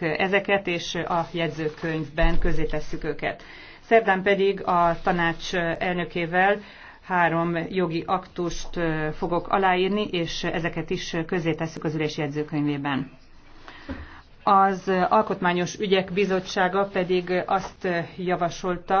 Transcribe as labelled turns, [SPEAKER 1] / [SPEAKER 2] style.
[SPEAKER 1] ezeket, és a jegyzőkönyvben közé tesszük őket. Szerdán pedig a tanács elnökével három jogi aktust fogok aláírni, és ezeket is közé tesszük az ülés jegyzőkönyvében. Az Alkotmányos Ügyek Bizottsága pedig azt javasolta,